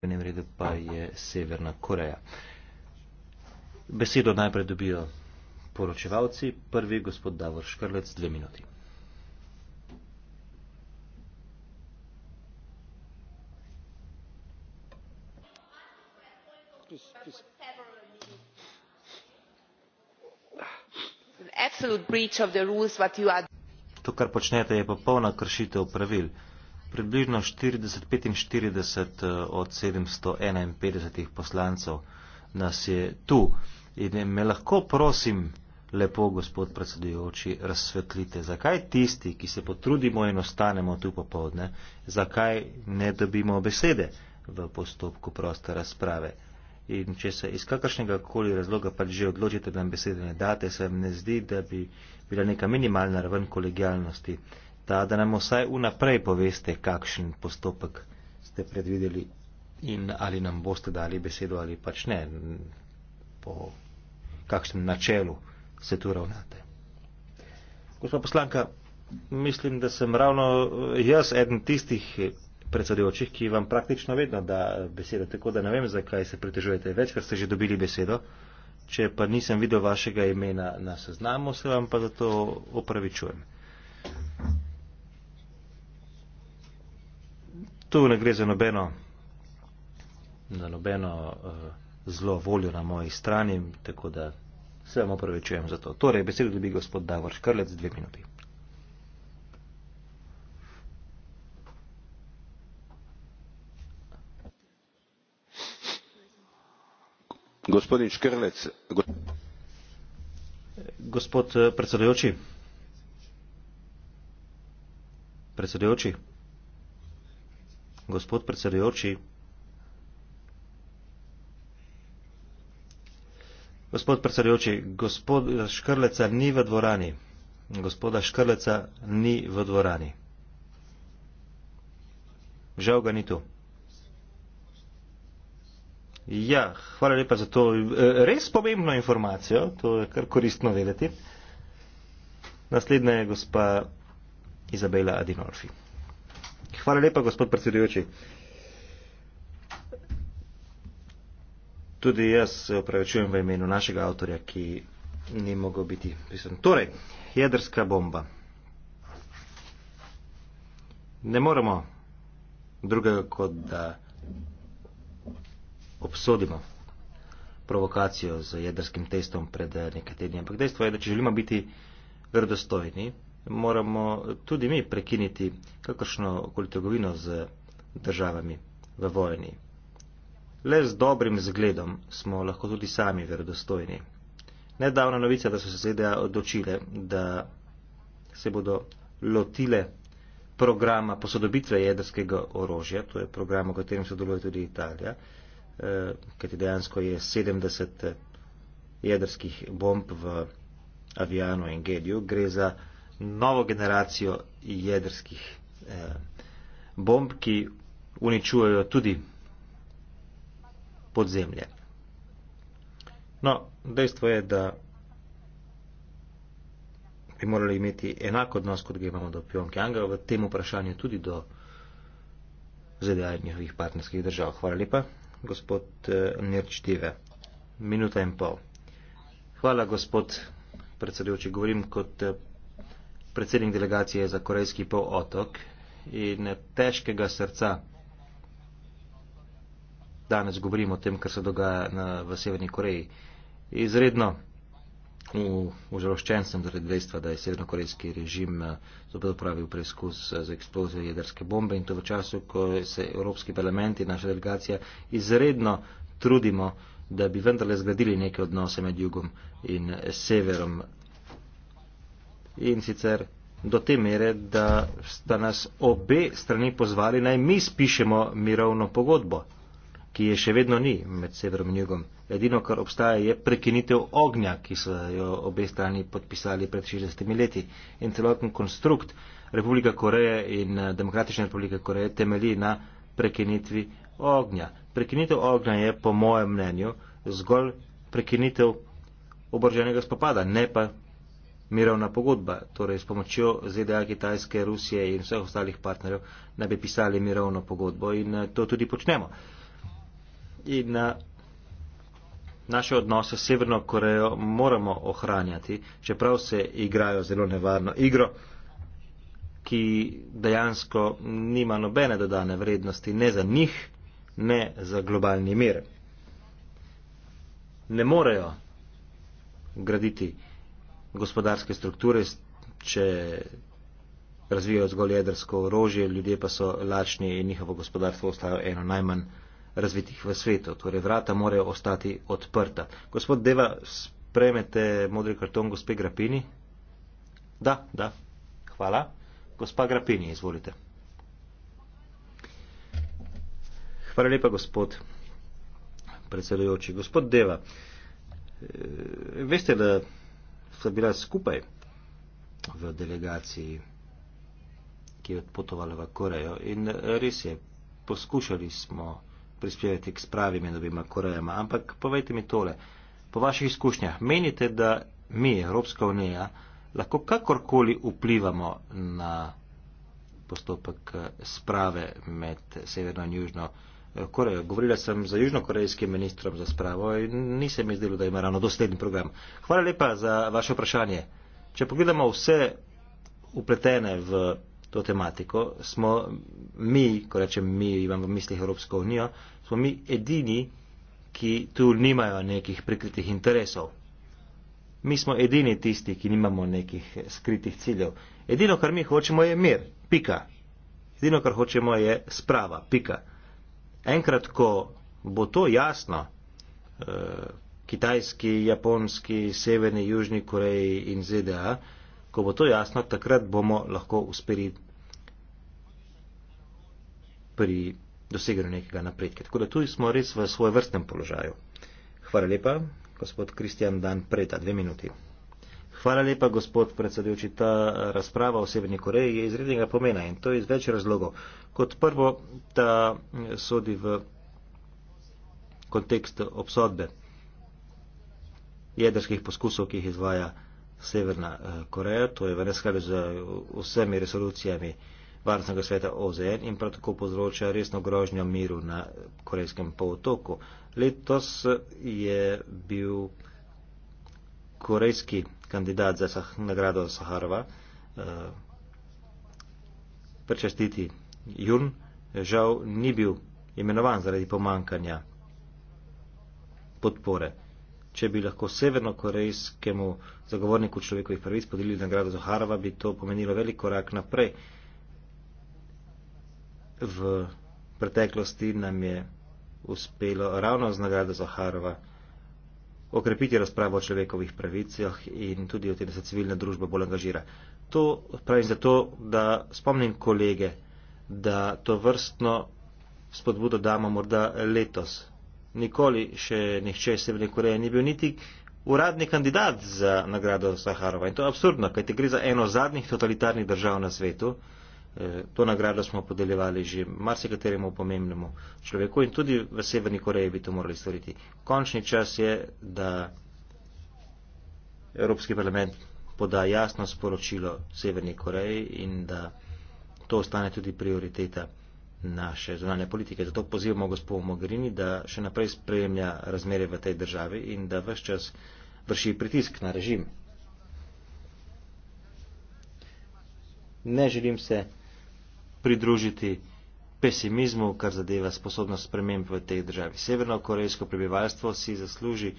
prvem redu pa je Severna Koreja. Besedo najprej dobijo poročevalci. Prvi gospod Davor Škrlec, dve minuti. To, kar počnete, je popolna kršitev pravil približno 40-45 eh, od 751 poslancev nas je tu. In me lahko prosim, lepo gospod predsedujoči, razsvetlite, zakaj tisti, ki se potrudimo in ostanemo tu popovdne, zakaj ne dobimo besede v postopku proste razprave. In če se iz kakršnega koli razloga pač že odločite, da nam besede ne date, se vam ne zdi, da bi bila neka minimalna raven kolegijalnosti ta, da nam vsaj vnaprej poveste, kakšen postopek ste predvideli in ali nam boste dali besedo ali pač ne, po kakšnem načelu se tu ravnate. Gospod poslanka, mislim, da sem ravno jaz eden tistih predsedujočih, ki vam praktično vedno da besedo, tako da ne vem, zakaj se pritežujete. Večkrat ste že dobili besedo, če pa nisem videl vašega imena na seznamu, se vam pa zato opravičujem. Tu ne gre za nobeno, za nobeno uh, zlo voljo na moji strani, tako da se vam opravičujem za to. Torej, besedo dobi gospod Davor Škrlec, dve minuti. Gospodin Škrlec. Go gospod eh, predsedujoči. Predsedujoči gospod predsedujoči. Gospod predsedujoči, gospod Škrleca ni v dvorani. Gospoda Škrleca ni v dvorani. Žal ga ni tu. Ja, hvala lepa za to eh, res pomembno informacijo, to je kar koristno vedeti. Naslednja je gospa Izabela Adinolfi. Hvala lepa, gospod predsedujoči. Tudi jaz se upravičujem v imenu našega avtorja, ki ni mogel biti prisoten. Torej, jedrska bomba. Ne moremo drugega kot da obsodimo provokacijo z jedrskim testom pred eh, nekaj tedni, ampak dejstvo je, da če želimo biti verodostojni, moramo tudi mi prekiniti kakršno koli trgovino z državami v vojni. Le z dobrim zgledom smo lahko tudi sami verodostojni. Nedavna novica, da so se ZDA odločile, da se bodo lotile programa posodobitve jedrskega orožja, to je program, o katerem se deluje tudi Italija, eh, kajti dejansko je 70 jedrskih bomb v Avijanu in Gediju, gre za novo generacijo jedrskih eh, bomb, ki uničujejo tudi podzemlje. No, dejstvo je, da bi morali imeti enako odnos, kot ga imamo do Pjongjanga v tem vprašanju tudi do ZDA in njihovih partnerskih držav. Hvala lepa, gospod eh, Nerčtive. Minuta in pol. Hvala, gospod predsedujoči. Govorim kot eh, predsednik delegacije za Korejski polotok in težkega srca danes govorim o tem, kar se dogaja na, v Severni Koreji. Izredno užaloščen sem zaradi dejstva, da je severnokorejski režim eh, zopet upravil preizkus eh, za eksplozijo jedrske bombe in to v času, ko se Evropski parlament in naša delegacija izredno trudimo, da bi vendarle zgradili neke odnose med jugom in severom in sicer do te mere, da sta nas obe strani pozvali naj mi spišemo mirovno pogodbo, ki je še vedno ni med severom in jugom. Edino, kar obstaja, je prekinitev ognja, ki so jo obe strani podpisali pred 60 leti. In celoten konstrukt Republika Koreje in eh, Demokratične Republike Koreje temelji na prekinitvi ognja. Prekinitev ognja je, po mojem mnenju, zgolj prekinitev oboroženega spopada, ne pa mirovna pogodba, torej s pomočjo ZDA, Kitajske, Rusije in vseh ostalih partnerjev, da bi pisali mirovno pogodbo in eh, to tudi počnemo. In eh, naše odnose s Severno Korejo moramo ohranjati, čeprav se igrajo zelo nevarno igro, ki dejansko nima nobene dodane vrednosti, ne za njih, ne za globalni mir. Ne morejo graditi gospodarske strukture, če razvijajo zgolj jedrsko orožje, ljudje pa so lačni in njihovo gospodarstvo ostaja eno najmanj razvitih v svetu. Torej, vrata morajo ostati odprta. Gospod Deva, spremete modri karton gospe Grapini? Da, da. Hvala. Gospa Grapini, izvolite. Hvala lepa, gospod predsedujoči. Gospod Deva, eh, veste, da sta bila skupaj v delegaciji, ki je odpotovala v Korejo. In eh, res je, poskušali smo prispevati k spravi med obima Korejama, ampak povejte mi tole, po vaših izkušnjah, menite, da mi, Evropska unija, lahko kakorkoli vplivamo na postopek eh, sprave med Severno in Južno Korejo? Eh, govorila sem z južnokorejskim ministrom za spravo in ni se mi zdelo, da ima ravno dosleden program. Hvala lepa za vaše vprašanje. Če pogledamo vse upletene v to tematiko, smo mi, ko rečem mi, imam v mislih Evropsko unijo, smo mi edini, ki tu nimajo nekih prikritih interesov. Mi smo edini tisti, ki nimamo nekih skritih ciljev. Edino, kar mi hočemo, je mir. Pika. Edino, kar hočemo, je sprava. Pika enkrat, ko bo to jasno, eh, kitajski, japonski, severni, južni Koreji in ZDA, ko bo to jasno, takrat bomo lahko uspeli pri doseganju nekega napredka. Tako da tu smo res v svoj vrstnem položaju. Hvala lepa, gospod Kristjan Dan, preta dve minuti. Hvala lepa, gospod predsedujoči. Ta eh, razprava o Severni Koreji je izrednega pomena in to iz več razlogov. Kot prvo, ta mm, sodi v kontekst obsodbe jedrskih poskusov, ki jih izvaja Severna eh, Koreja. To je v neskladju z eh, vsemi resolucijami Varnostnega sveta OZN in prav tako povzroča resno grožnjo miru na Korejskem polotoku. Letos je bil korejski kandidat za sah, nagrado Saharova, eh, prečestiti Jun, žal ni bil imenovan zaradi pomankanja podpore. Če bi lahko severnokorejskemu zagovorniku človekovih pravic podelili nagrado Zoharova, bi to pomenilo velik korak naprej. V preteklosti nam je uspelo ravno z nagrado Zoharova okrepiti razpravo o človekovih pravicah in tudi o tem, da se civilna družba bolj angažira. To pravim zato, da spomnim kolege, da to vrstno spodbudo damo morda letos. Nikoli še nihče iz Severne Koreje ni bil niti uradni kandidat za nagrado Saharova. In to je absurdno, kajte gre za eno zadnjih totalitarnih držav na svetu, To nagrado smo podeljevali že marsikateremu pomembnemu človeku in tudi v Severni Koreji bi to morali storiti. Končni čas je, da Evropski parlament poda jasno sporočilo Severni Koreji in da to ostane tudi prioriteta naše zunanje politike. Zato pozivamo gospod Mogherini, da še naprej spremlja razmere v tej državi in da vse čas vrši pritisk na režim. Ne želim se pridružiti pesimizmu, kar zadeva sposobnost sprememb v tej državi. Severno-korejsko prebivalstvo si zasluži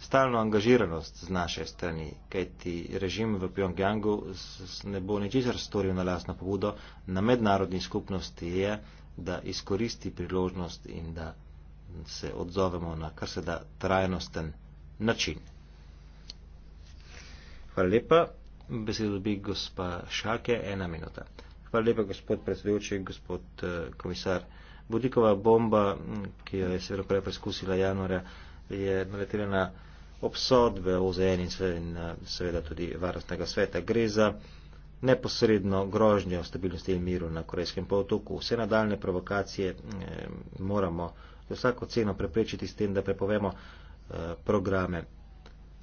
stalno angažiranost z naše strani, kajti režim v Pjongjangu ne bo ničesar storil na lasno pobudo, na mednarodni skupnosti je, da izkoristi priložnost in da se odzovemo na kar se da trajnosten način. Hvala lepa. Besedo dobi gospa Šake, ena minuta. Hvala lepa, gospod predsedujoči, gospod eh, komisar. Budikova bomba, ki jo je seveda prej preskusila januarja, je naletela na obsodbe OZN in eh, seveda tudi varnostnega sveta. Gre za neposredno grožnjo stabilnosti in miru na Korejskem polotoku. Vse nadaljne provokacije moramo z vsako ceno preprečiti s tem, da prepovemo eh, programe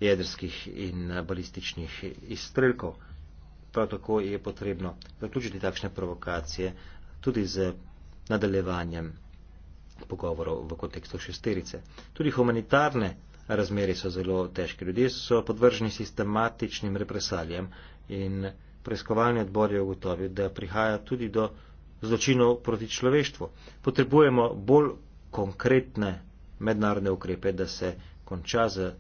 jedrskih in balističnih izstrelkov prav tako je potrebno zaključiti takšne provokacije tudi z nadaljevanjem pogovorov v kontekstu šesterice. Tudi humanitarne razmere so zelo težke. Ljudje so podvrženi sistematičnim represalijam in preiskovalni odbor je ugotovil, da prihaja tudi do zločinov proti človeštvu. Potrebujemo bolj konkretne mednarodne ukrepe, da se konča z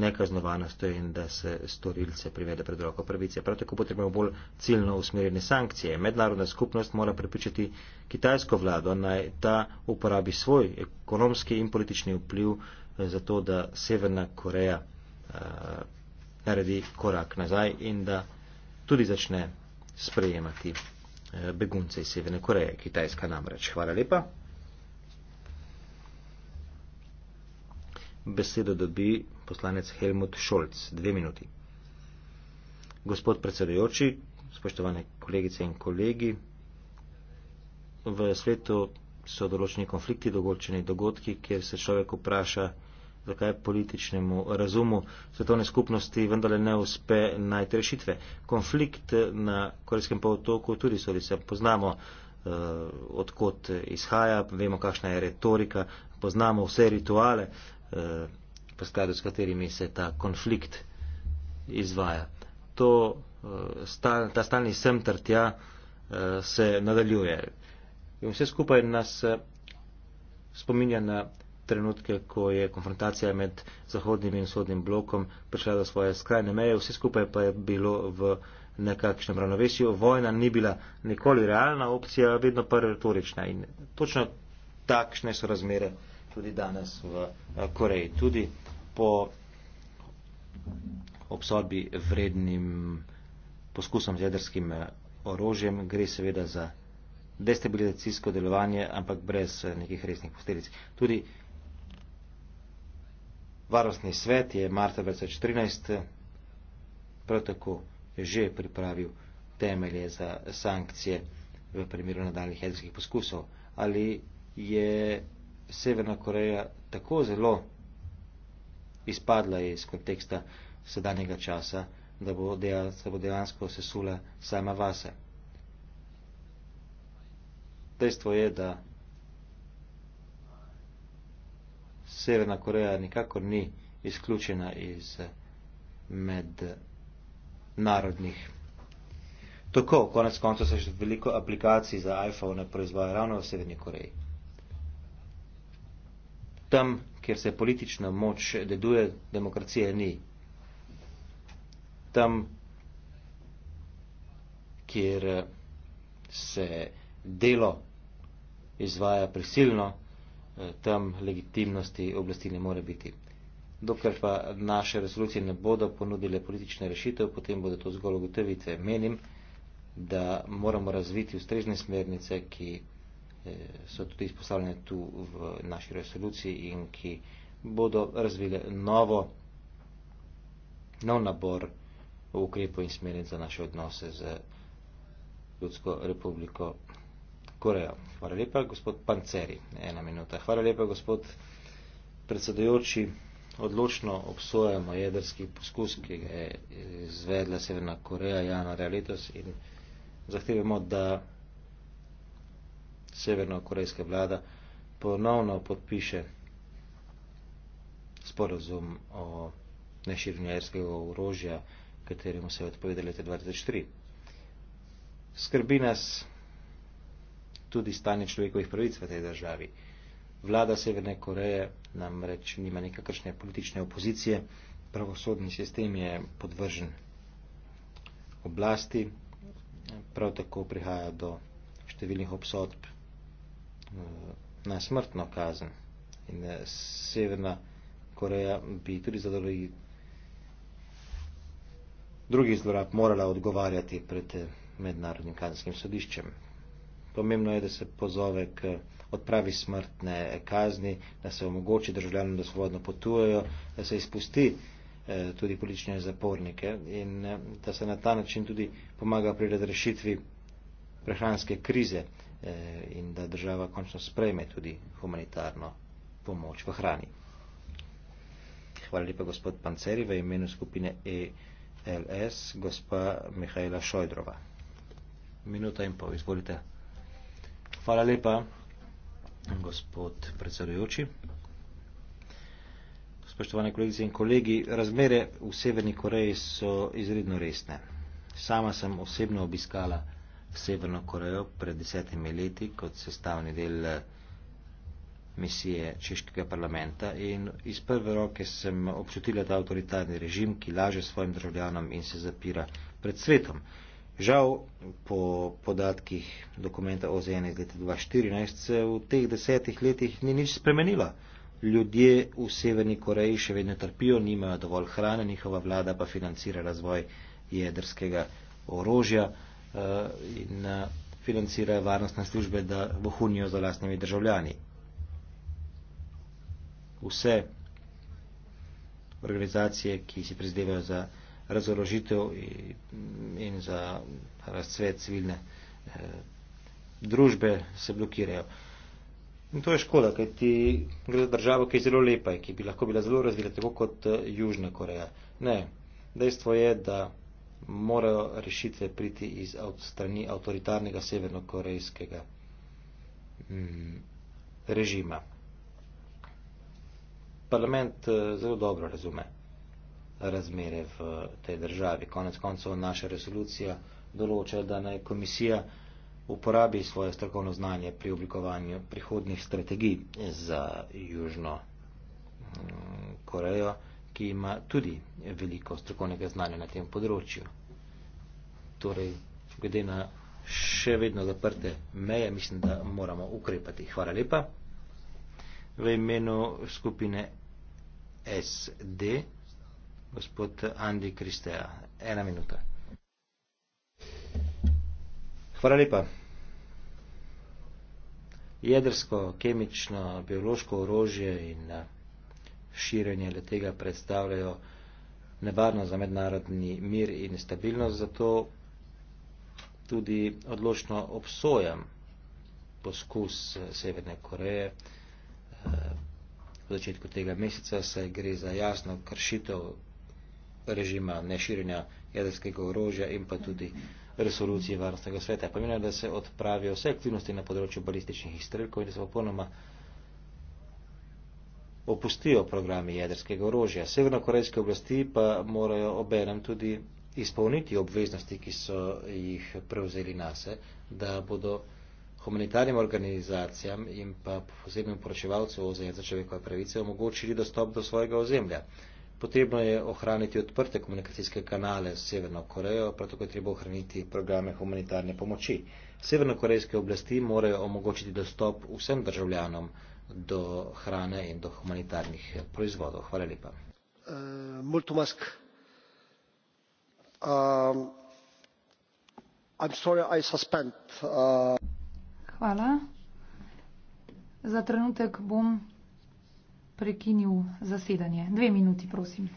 nekaznovanostjo in da se storilce privede pred roko pravice. Prav tako potrebujemo bolj ciljno usmerjene sankcije. Mednarodna skupnost mora prepričati kitajsko vlado, naj ta uporabi svoj ekonomski in politični vpliv eh, za to, da Severna Koreja uh, naredi korak nazaj in da tudi začne sprejemati uh, begunce iz Severne Koreje. Kitajska namreč. Hvala lepa. Besedo dobi poslanec Helmut Scholz. Dve minuti. Gospod predsedujoči, spoštovane kolegice in kolegi, v svetu so določeni konflikti, določeni dogodki, kjer se človek vpraša, zakaj političnemu razumu svetovne skupnosti vendarle ne uspe najti rešitve. Konflikt na Korejskem polotoku tudi sodi se. Poznamo, eh, odkot izhaja, vemo, kakšna je retorika, poznamo vse rituale. Eh, v skladu s katerimi se ta konflikt izvaja. To, eh, stal, ta stalni sem ter tja eh, se nadaljuje. In vse skupaj nas eh, spominja na trenutke, ko je konfrontacija med Zahodnim in Vzhodnim blokom prišla do svoje skrajne meje, vse skupaj pa je bilo v nekakšnem ravnovesju. Vojna ni bila nikoli realna opcija, vedno pa retorična in točno takšne so razmere tudi danes v eh, Koreji. Tudi po obsodbi vrednim poskusom z jedrskim eh, orožjem gre seveda za destabilizacijsko delovanje, ampak brez eh, nekih resnih posledic. Tudi varnostni svet je marta 2014 prav tako že pripravil temelje za sankcije v primeru nadaljnih jedrskih poskusov. Ali je Severna Koreja tako zelo izpadla iz konteksta sedanjega časa, da bo, dejal, da bo dejansko sesula sama vase. Dejstvo je, da Severna Koreja nikakor ni izključena iz mednarodnih. Tako, konec konca se še veliko aplikacij za iPhone proizvaja ravno v Severni Koreji tam, kjer se politična moč deduje, demokracije ni. Tam, kjer eh, se delo izvaja prisilno, eh, tam legitimnosti oblasti ne more biti. Dokler pa naše resolucije ne bodo ponudile politične rešitev, potem bodo to zgolj ugotovitve. Menim, da moramo razviti ustrežne smernice, ki so tudi izpostavljene tu v naši resoluciji in ki bodo razvile novo, nov nabor ukrepov in smerenj za naše odnose z Ljudsko republiko Korejo. Hvala lepa, gospod Panceri. Ena minuta. Hvala lepa, gospod predsedujoči. Odločno obsojamo jedrski poskus, ki ga je izvedla Severna Koreja januarja letos in zahtevamo, da severno-korejska vlada ponovno podpiše sporazum o neširjenju jerskega orožja, kateremu se je odpovedal leta 2003. Skrbi nas tudi stanje človekovih pravic v tej državi. Vlada Severne Koreje namreč nima nekakršne politične opozicije, pravosodni sistem je podvržen oblasti, prav tako prihaja do številnih obsodb Mm, na smrtno kazen. In eh, Severna Koreja bi tudi za drugih zlorab morala odgovarjati pred eh, mednarodnim kazenskim sodiščem. Pomembno je, da se pozove k odpravi smrtne eh, kazni, da se omogoči državljanom, da svobodno potujejo, da se izpusti tudi politične zapornike in da se na ta način tudi pomaga pri razrešitvi prehranske krize. Eh, in da država končno sprejme tudi humanitarno pomoč v hrani. Hvala lepa gospod Panceri v imenu skupine ELS, gospa Mihajla Šojdrova. Minuta in pol, izvolite. Hvala lepa gospod predsedujoči. Spoštovane kolegice in kolegi, razmere v Severni Koreji so izredno resne. Sama sem osebno obiskala v Severno Korejo pred desetimi leti kot sestavni del eh, misije češkega parlamenta in iz prve roke sem občutila ta avtoritarni režim, ki laže svojim državljanom in se zapira pred svetom. Žal, po podatkih dokumenta OZN iz leta 2014 se v teh desetih letih ni nič spremenilo. Ljudje v Severni Koreji še vedno trpijo, nimajo dovolj hrane, njihova vlada pa financira razvoj jedrskega orožja. Eh, in eh, financirajo varnostne službe, da vohunijo za lastnimi državljani. Vse organizacije, ki si prizdevajo za razorožitev in za razcvet civilne eh, družbe, se blokirajo. In to je škoda, kaj ti gre za državo, ki je zelo lepa in ki bi lahko bila zelo razvita, tako kot Južna Koreja. Ne, dejstvo je, da morajo rešitve priti iz od strani avtoritarnega severnokorejskega mm, režima. Parlament eh, zelo dobro razume razmere v tej državi. Konec koncev naša resolucija določa, da naj komisija uporabi svoje strokovno znanje pri oblikovanju prihodnih strategij za Južno mm, Korejo ki ima tudi veliko strokovnega znanja na tem področju. Torej, glede na še vedno zaprte meje, mislim, da moramo ukrepati. Hvala lepa. V imenu skupine SD, gospod Andi Kristeja, ena minuta. Hvala lepa. Jedrsko, kemično, biološko orožje in širjenje letega predstavljajo nevarno za mednarodni mir in stabilnost, zato tudi odločno obsojam poskus eh, Severne Koreje eh, v začetku tega meseca, saj gre za jasno kršitev režima neširjenja jedrskega orožja in pa tudi resolucije Varnostnega sveta. Pomembno je, da se odpravijo vse aktivnosti na področju balističnih izstrelkov in da se popolnoma opustijo programi jedrskega orožja. Severnokorejske oblasti pa morajo obenem tudi izpolniti obveznosti, ki so jih prevzeli nase, da bodo humanitarnim organizacijam in pa posebnim poročevalcem OZN za človekove pravice omogočili dostop do svojega ozemlja. Potrebno je ohraniti odprte komunikacijske kanale s Severno Korejo, prav tako je treba ohraniti programe humanitarne pomoči. Severnokorejske oblasti morajo omogočiti dostop vsem državljanom do hrane in do humanitarnih eh, proizvodov. Hvala lepa. Uh, um, sorry, suspend, uh... Hvala. Za trenutek bom prekinil zasedanje. Dve minuti, prosim.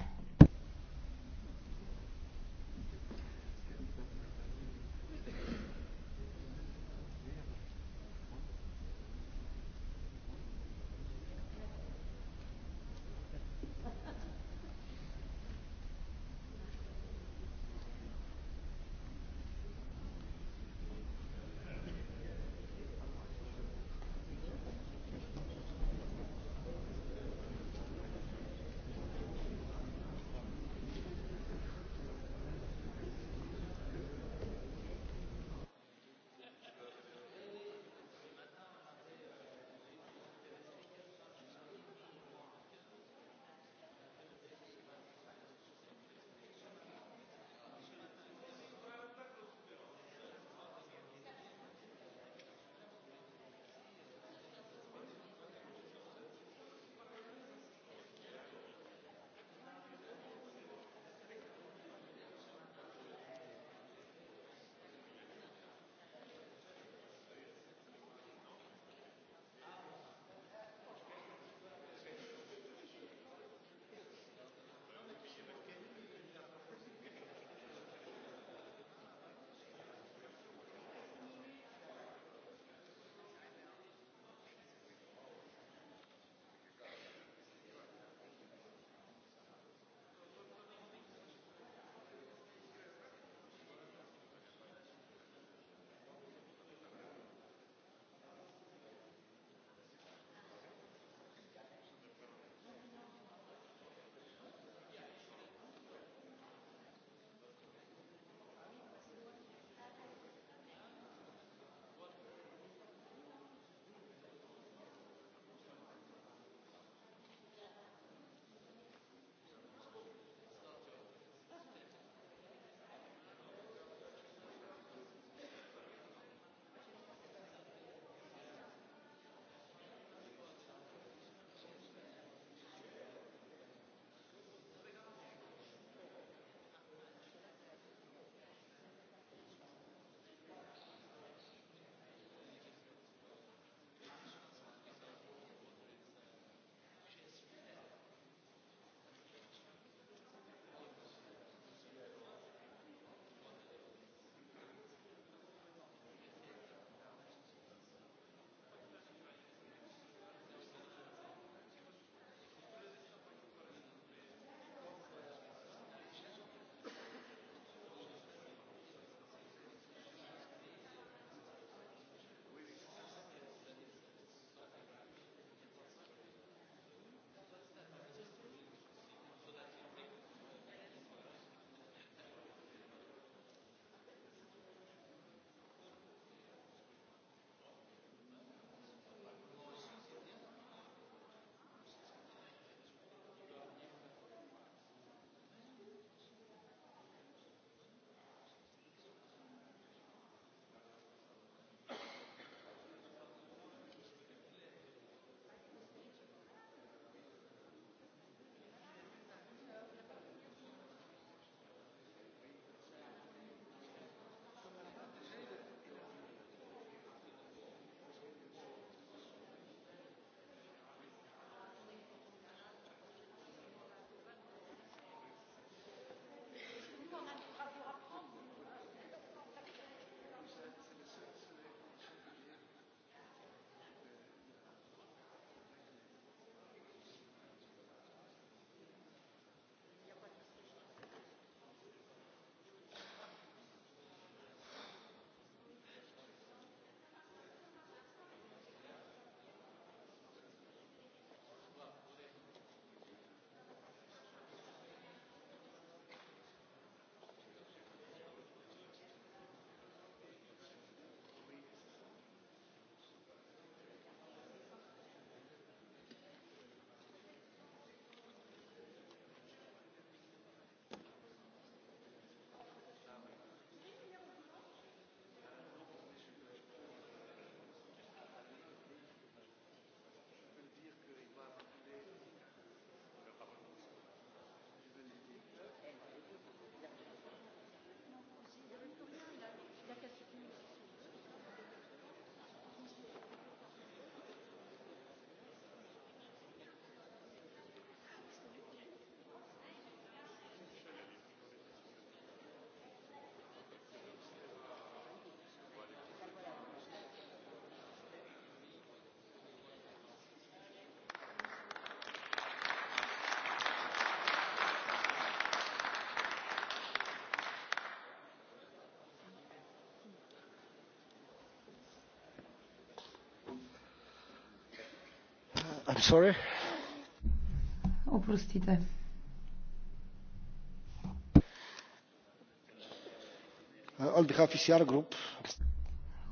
oprostite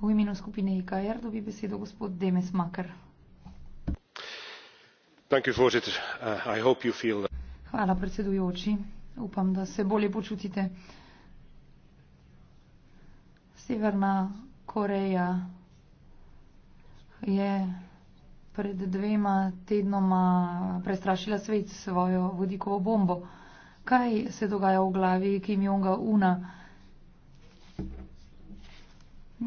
v imenu skupine ekr dobi besedo gospod demes maker uh, hvala predsedujoči upam da se bolje počutite severna koreja je pred dvema tednoma prestrašila svet s svojo vodikovo bombo. Kaj se dogaja v glavi Kim Jonga Una?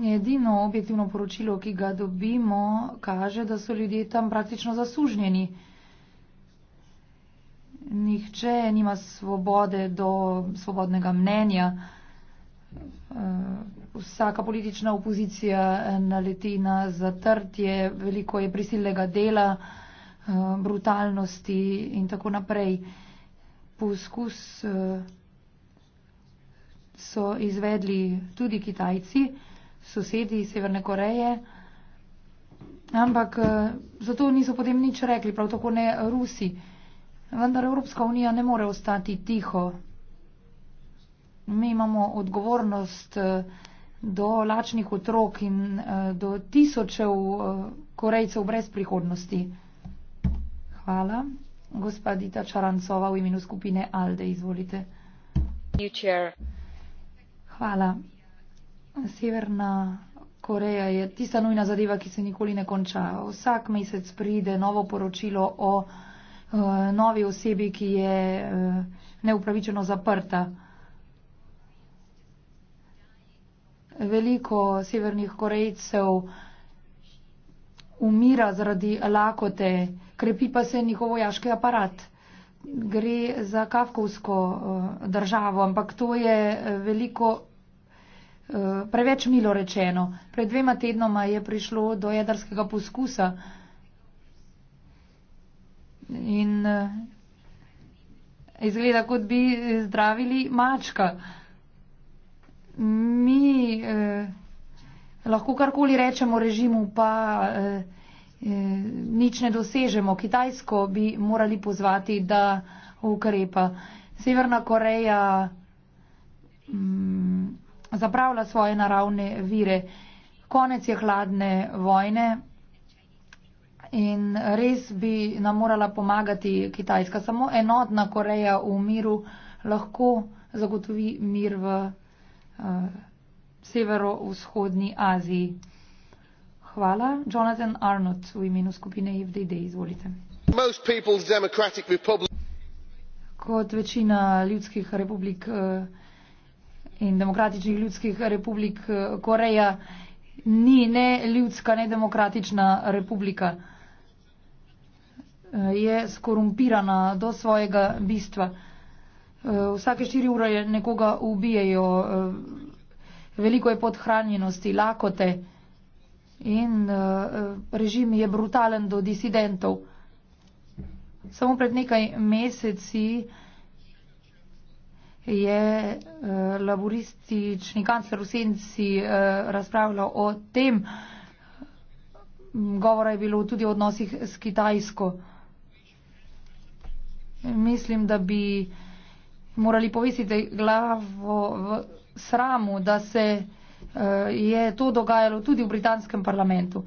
Edino objektivno poročilo, ki ga dobimo, kaže, da so ljudje tam praktično zasužnjeni. Nihče nima svobode do svobodnega mnenja vsaka politična opozicija eh, naleti na zatrtje, veliko je prisilnega dela, eh, brutalnosti in tako naprej. Poskus eh, so izvedli tudi Kitajci, sosedi iz Severne Koreje, ampak zato niso potem nič rekli, prav tako ne Rusi. Vendar Evropska unija ne more ostati tiho. Mi imamo odgovornost do lačnih otrok in uh, do tisočev uh, Korejcev brez prihodnosti. Hvala. Gospodita Čarancova v imenu skupine Alde, izvolite. Hvala. Severna Koreja je tista nujna zadeva, ki se nikoli ne konča. Vsak mesec pride novo poročilo o uh, novi osebi, ki je uh, neupravičeno zaprta. veliko severnih Korejcev umira zaradi lakote, krepi pa se njihov vojaški aparat. Gre za kafkovsko eh, državo, ampak to je eh, veliko eh, preveč milo rečeno. Pred dvema tednoma je prišlo do jedrskega poskusa in izgleda, kot bi zdravili mačka mi eh, lahko karkoli rečemo režimu, pa eh, eh, nič ne dosežemo. Kitajsko bi morali pozvati, da ukrepa. Severna Koreja mm, zapravlja svoje naravne vire. Konec je hladne vojne. In res bi nam morala pomagati Kitajska. Samo enotna Koreja v miru lahko zagotovi mir v uh, severovzhodni Aziji. Hvala. Jonathan Arnott v imenu skupine IFDD. Izvolite. Kot večina ljudskih republik eh, in demokratičnih ljudskih republik eh, Koreja ni ne ljudska, ne demokratična republika. Je skorumpirana do svojega bistva vsake štiri ure nekoga ubijejo, eh, veliko je podhranjenosti, lakote in eh, režim je brutalen do disidentov. Samo pred nekaj meseci je eh, laboristični kancler v senci razpravljal o tem, govora je bilo tudi o odnosih s Kitajsko. Mislim, da bi morali povisiti glavo v sramu, da se eh, je to dogajalo tudi v britanskem parlamentu.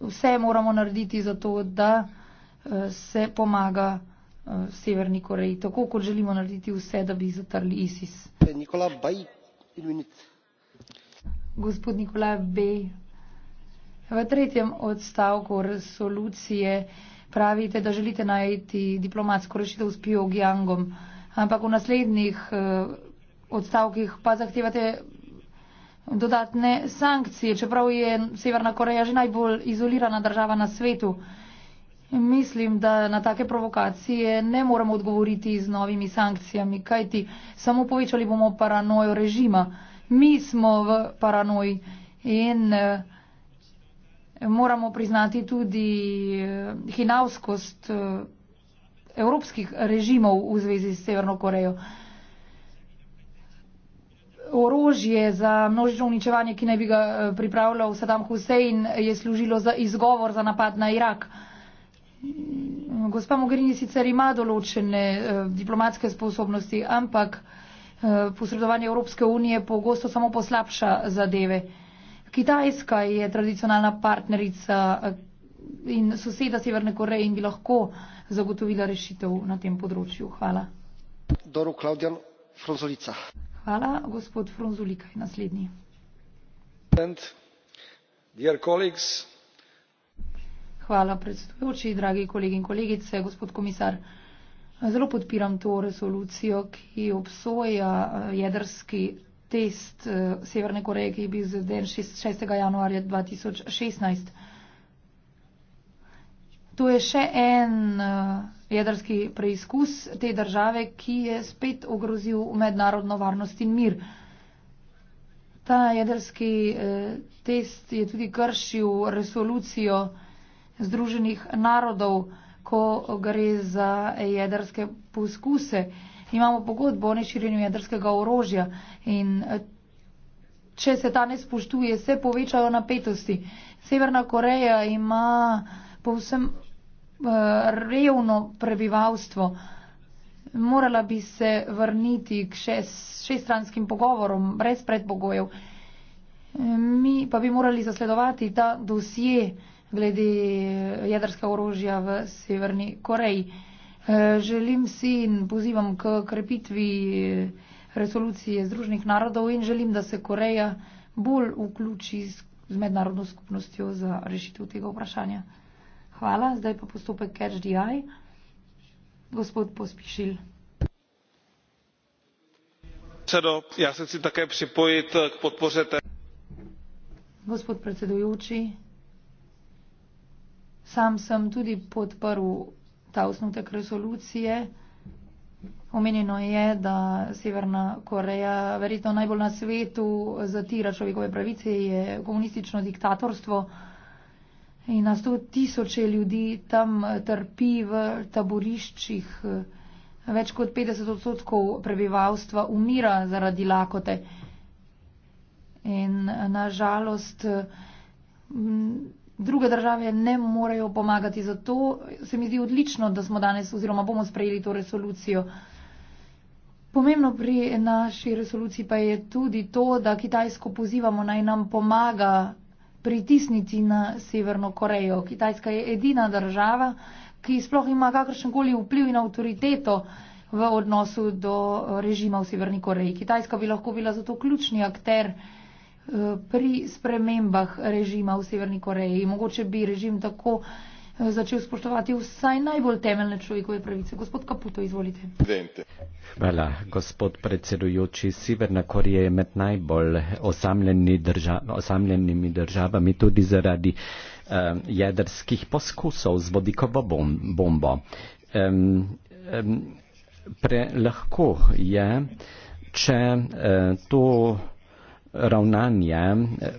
Vse moramo narediti za to, da eh, se pomaga eh, Severni Koreji, tako kot želimo narediti vse, da bi zatrli ISIS. Nikola Bay, Gospod Nikolaj B. V tretjem odstavku resolucije pravite, da želite najti diplomatsko rešitev s Pyongyangom, ampak v naslednjih eh, odstavkih pa zahtevate dodatne sankcije, čeprav je Severna Koreja že najbolj izolirana država na svetu. Mislim, da na take provokacije ne moremo odgovoriti z novimi sankcijami, kajti samo povečali bomo paranojo režima. Mi smo v paranoji in eh, moramo priznati tudi eh, hinavskost eh, evropskih režimov v zvezi s Severno Korejo. Orožje za množično uničevanje, ki naj bi ga eh, pripravljal Saddam Hussein, je služilo za izgovor za napad na Irak. Gospa Mogherini sicer ima določene diplomatske sposobnosti, ampak posredovanje Evropske unije pogosto samo poslabša zadeve. Kitajska je tradicionalna partnerica eh, in soseda Severne Koreje in bi lahko zagotovila rešitev na tem področju. Hvala. Doru Klaudjan Fronzulica. Hvala, gospod Fronzulika je naslednji. Hvala predsedujoči, dragi kolegi in kolegice, gospod komisar. Zelo podpiram to resolucijo, ki obsoja eh, jedrski test uh, Severne Koreje, ki je bil izveden 6. januarja 2016. To je še en uh, jedrski preizkus te države, ki je spet ogrozil mednarodno varnost in mir. Ta jedrski uh, test je tudi kršil resolucijo Združenih narodov, ko gre za jedrske poskuse. Uh, imamo pogodbo o neširjenju jedrskega orožja in eh, če se ta ne spoštuje, se povečajo napetosti. Severna Koreja ima povsem eh, revno prebivalstvo. Morala bi se vrniti k šestranskim pogovorom brez predpogojev. Mi pa bi morali zasledovati ta dosje glede eh, jedrskega orožja v Severni Koreji. Eh, želim si in pozivam k krepitvi eh, resolucije Združenih narodov in želim, da se Koreja bolj vključi z mednarodno skupnostjo za rešitev tega vprašanja. Hvala. Zdaj pa postopek Catch the Eye. Gospod Pospišil. Ja se chci také připojit eh, k podpoře té... Gospod predsedujúči, sam sem tudi podporu ta osnutek rezolucije. Omenjeno je, da Severna Koreja verjetno najbolj na svetu zatira človekove pravice, je komunistično diktatorstvo in na sto tisoče ljudi tam trpi v taboriščih. Več kot 50 odstotkov prebivalstva umira zaradi lakote. In na žalost druge države ne morejo pomagati. Zato se mi zdi odlično, da smo danes oziroma bomo sprejeli to resolucijo. Pomembno pri naši resoluciji pa je tudi to, da Kitajsko pozivamo naj nam pomaga pritisniti na Severno Korejo. Kitajska je edina država, ki sploh ima kakršenkoli vpliv in avtoriteto v odnosu do režima v Severni Koreji. Kitajska bi lahko bila zato ključni akter pri spremembah režima v Severni Koreji. Mogoče bi režim tako eh, začel spoštovati vsaj najbolj temeljne človekove pravice. Gospod Kaputo, izvolite. Hvala, gospod predsedujoči. Severna Koreja je med najbolj osamljeni drža osamljenimi državami tudi zaradi um, jedrskih poskusov z vodikovo bom bombo. Um, um, Prelahko je, če uh, to ravnanje eh,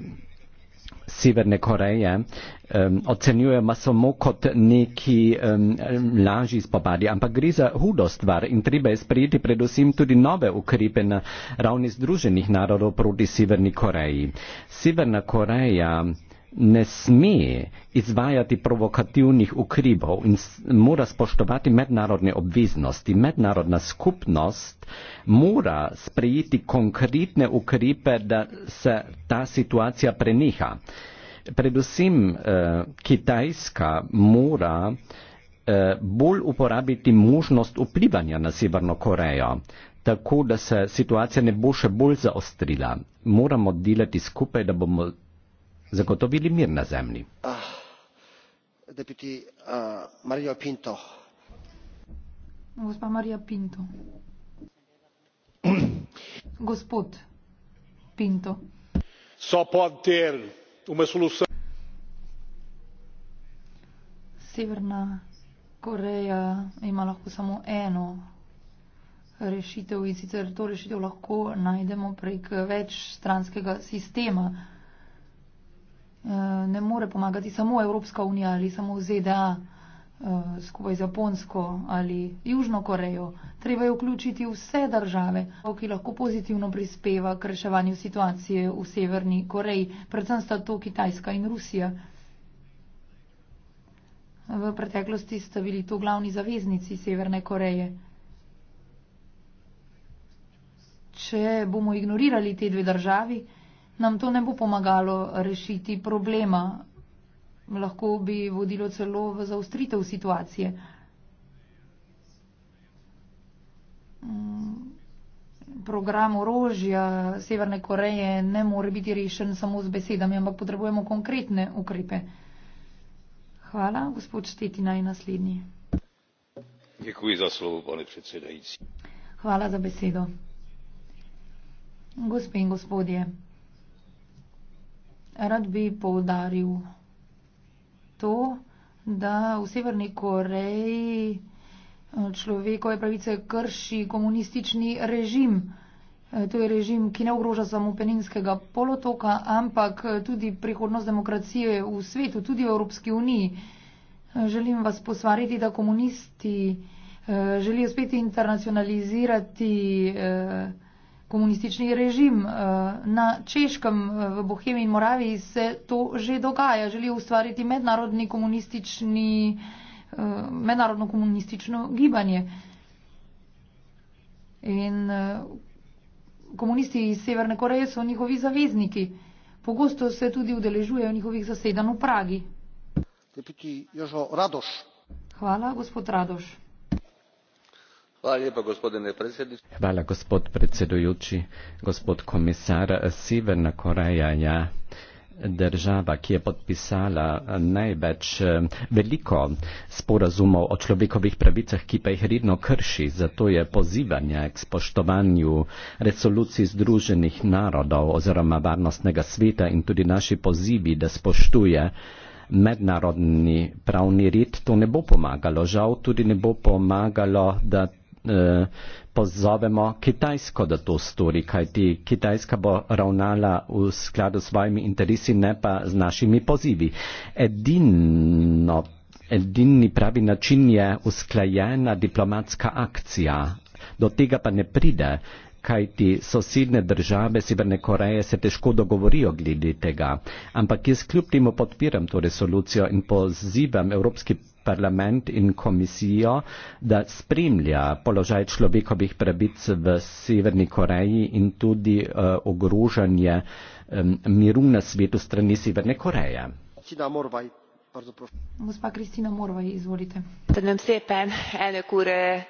Severne Koreje um, eh, ocenjujemo samo kot neki um, lažji spopadi, ampak gre za hudo stvar in treba je sprejeti predvsem tudi nove ukrepe na ravni Združenih narodov proti Severni Koreji. Severna Koreja ne sme izvajati provokativnih ukrepov in mora spoštovati mednarodne obveznosti. Mednarodna skupnost mora sprejeti konkretne ukrepe, da se ta situacija preneha. Predvsem eh, Kitajska mora eh, bolj uporabiti možnost vplivanja na Severno Korejo, tako da se situacija ne bo še bolj zaostrila. Moramo delati skupaj, da bomo zagotovili mir na zemlji. Ah, ah, Severna Koreja ima lahko samo eno rešitev in sicer to rešitev lahko najdemo prek večstranskega sistema. Eh, ne more pomagati samo Evropska unija ali samo ZDA eh, skupaj z Japonsko ali Južno Korejo. Treba je vključiti vse države, ki lahko pozitivno prispeva k reševanju situacije v Severni Koreji, predvsem sta to Kitajska in Rusija. V preteklosti sta bili to glavni zaveznici Severne Koreje. Če bomo ignorirali te dve državi, nam to ne bo pomagalo rešiti problema. Lahko bi vodilo celo v zaustritev situacije. Mm, program orožja Severne Koreje ne more biti rešen samo z besedami, ampak potrebujemo konkretne ukrepe. Hvala, gospod Šteti, naj naslednji. Děkuji za slovo, pane predsedající. Hvala za besedo. Gospe in gospodje rad bi poudaril to, da v Severni Koreji eh, človekove pravice krši komunistični režim. Eh, to je režim, ki ne ogroža samo Peninskega polotoka, ampak eh, tudi prihodnost demokracije v svetu, tudi v Evropski uniji. Želim vas posvariti, da komunisti želijo spet internacionalizirati. Eh, komunistični režim. Eh, na Češkem eh, v Bohemiji in Moraviji se to že dogaja. Želijo ustvariti mednarodni komunistični, eh, mednarodno komunistično gibanje. In komunisti iz Severne Koreje so njihovi zavezniki. Pogosto se tudi udeležujejo njihovih zasedanj v Pragi. Hvala, gospod Radoš. Hvala, gospod predsedujoči. Gospod komisar, Severna Koreja je država, ki je podpisala največ eh, veliko sporazumov o človekovih pravicah, ki pa jih redno krši. Zato je pozivanje k spoštovanju resolucij Združenih narodov oziroma varnostnega sveta in tudi naši pozivi, da spoštuje mednarodni pravni red, to ne bo pomagalo. Žal tudi ne bo pomagalo, da Eh, pozovemo Kitajsko, da to stori, kajti Kitajska bo ravnala v skladu s svojimi interesi, ne pa z našimi pozivi. Edino, edini pravi način je usklajena diplomatska akcija. Do tega pa ne pride, kajti sosedne države Severne Koreje se težko dogovorijo glede tega. Ampak jaz kljub temu podpiram to resolucijo in pozivam Evropski parlament, parlament in komisijo, da spremlja položaj človekovih pravic v Severni Koreji in tudi uh, ogrožanje um, miru na svetu strani Severne Koreje. Gospa Kristina Morvaj, izvolite. Eh.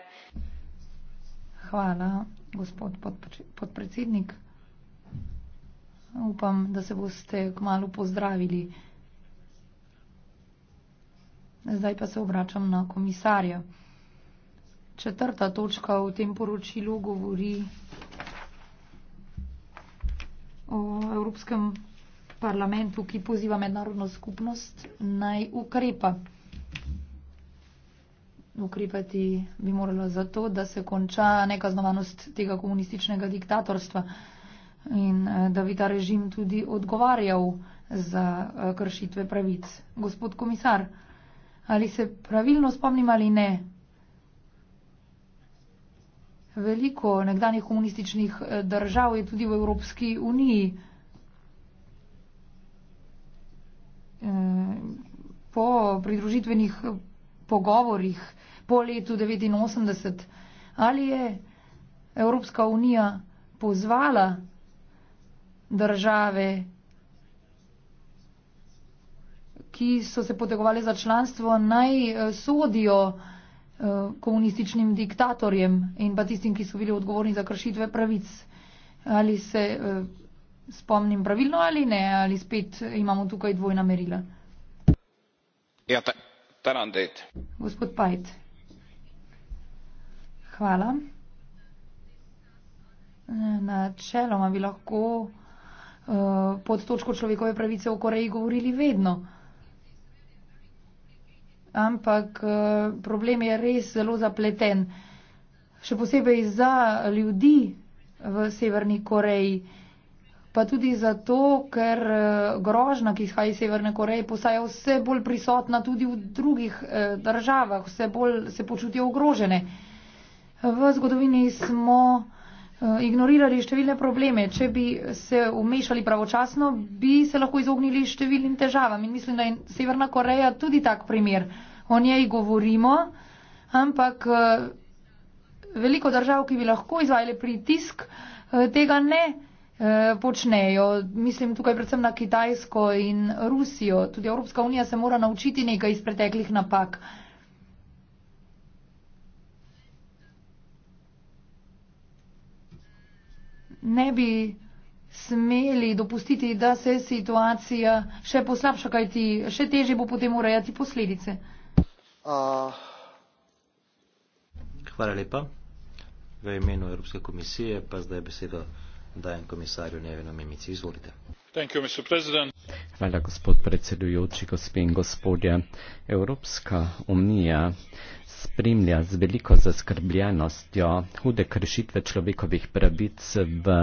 Hvala, gospod podpredsednik. Upam, da se boste kmalo pozdravili. Zdaj pa se obračam na komisarja. Četrta točka v tem poročilu govori o Evropskem parlamentu, ki poziva mednarodno skupnost naj ukrepa. Ukrepati bi moralo zato, da se konča nekaznovanost tega komunističnega diktatorstva in eh, da bi ta režim tudi odgovarjal za eh, kršitve pravic. Gospod komisar, Ali se pravilno spomnim ali ne? Veliko nekdanjih komunističnih eh, držav je tudi v Evropski uniji. Eh, po pridružitvenih eh, pogovorjih po letu 1989 ali je Evropska unija pozvala države ki so se potegovali za članstvo, naj eh, sodijo eh, komunističnim diktatorjem in pa tistim, ki so bili odgovorni za kršitve pravic. Ali se eh, spomnim pravilno ali ne, ali spet imamo tukaj dvojna merila. Ja, tanan dejt. Gospod Pajt. Hvala. Načeloma bi lahko uh, pod točko človekove pravice v Koreji govorili vedno ampak eh, problem je res zelo zapleten. Še posebej za ljudi v Severni Koreji, pa tudi zato, ker eh, grožna, ki izhaja iz Severne Koreje, postaja vse bolj prisotna tudi v drugih eh, državah, vse bolj se počutijo ogrožene. V zgodovini smo. Eh, ignorirali številne probleme. Če bi se umešali pravočasno, bi se lahko izognili številnim težavam. In mislim, da je Severna Koreja tudi tak primer. O njej govorimo, ampak eh, veliko držav, ki bi lahko izvajali pritisk, eh, tega ne počnejo. Mislim tukaj predvsem na Kitajsko in Rusijo. Tudi Evropska unija se mora naučiti nekaj iz preteklih napak. ne bi smeli dopustiti, da se situacija še poslabša, kajti še teže bo potem urejati posledice. Hvala lepa. V imenu Evropske komisije pa zdaj besedo dajem komisarju Nevenu Mimici. Izvolite. You, Hvala gospod predsedujoči, gospe in gospodje. Evropska unija spremlja z veliko zaskrbljenostjo hude kršitve človekovih pravic v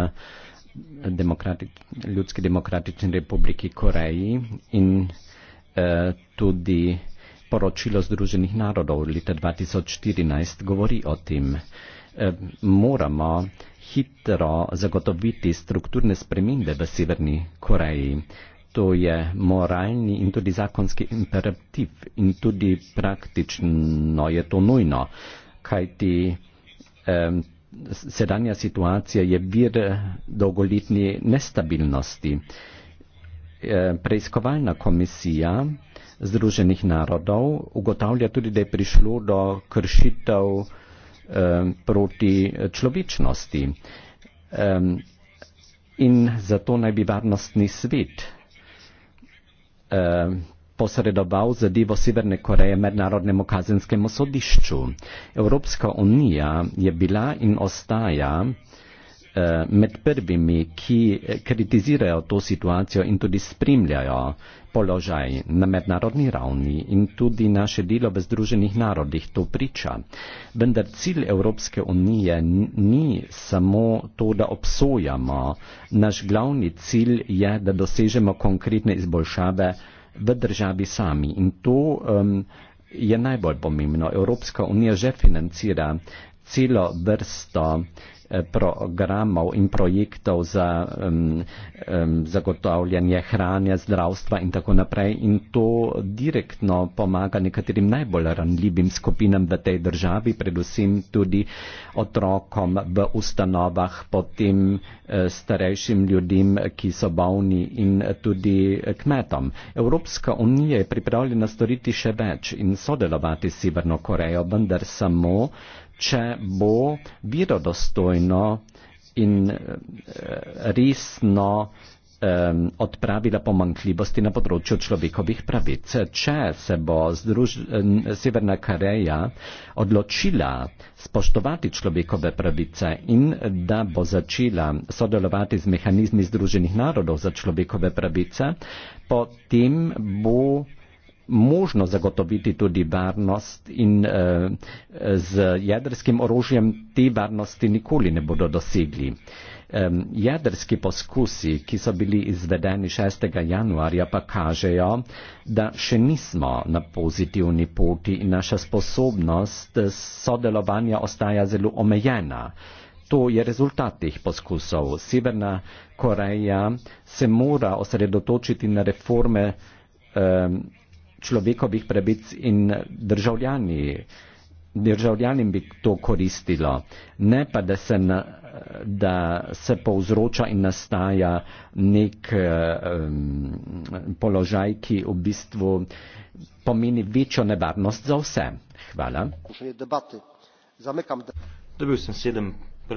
Ljudski demokratični republiki Koreji in eh, tudi poročilo Združenih narodov leta 2014 govori o tem. Eh, moramo hitro zagotoviti strukturne spremembe v Severni Koreji to je moralni in tudi zakonski imperativ in tudi praktično je to nujno, kajti eh, sedanja situacija je vir dolgoletni nestabilnosti. Eh, preiskovalna komisija Združenih narodov ugotavlja tudi, da je prišlo do kršitev eh, proti človečnosti. Eh, In zato naj bi varnostni svet Eh, posredoval zadevo Severne Koreje mednarodnemu kazenskemu sodišču. Evropska unija je bila in ostaja uh, Eh, med prvimi, ki eh, kritizirajo to situacijo in tudi spremljajo položaj na mednarodni ravni in tudi naše delo v Združenih narodih to priča. Vendar cilj Evropske unije ni samo to, da obsojamo. Naš glavni cilj je, da dosežemo konkretne izboljšave v državi sami. In to um, je najbolj pomembno. Evropska unija že financira celo vrsto programov in projektov za um, um, zagotavljanje hranja, zdravstva in tako naprej. In to direktno pomaga nekaterim najbolj ranljivim skupinam v tej državi, predvsem tudi otrokom v ustanovah, potem uh, starejšim ljudem, ki so bolni in tudi kmetom. Evropska unija je pripravljena storiti še več in sodelovati s Severno Korejo, vendar samo če bo virodostojno in eh, resno odpravila pomankljivosti na področju človekovih pravic. Če se bo Združ... Severna Koreja odločila spoštovati človekove pravice in da bo začela sodelovati z mehanizmi Združenih narodov za človekove pravice, potem bo možno zagotoviti tudi varnost in eh, z jedrskim orožjem te varnosti nikoli ne bodo dosegli. Eh, jedrski poskusi, ki so bili izvedeni 6. januarja, pa kažejo, da še nismo na pozitivni poti in naša sposobnost sodelovanja ostaja zelo omejena. To je rezultat teh poskusov. Severna Koreja se mora osredotočiti na reforme eh, človekovih pravic in državljani. Državljanim bi to koristilo, ne pa da se, na, da se povzroča in nastaja nek um, položaj, ki v bistvu pomeni večjo nevarnost za vse. Hvala. Dobil sem sedem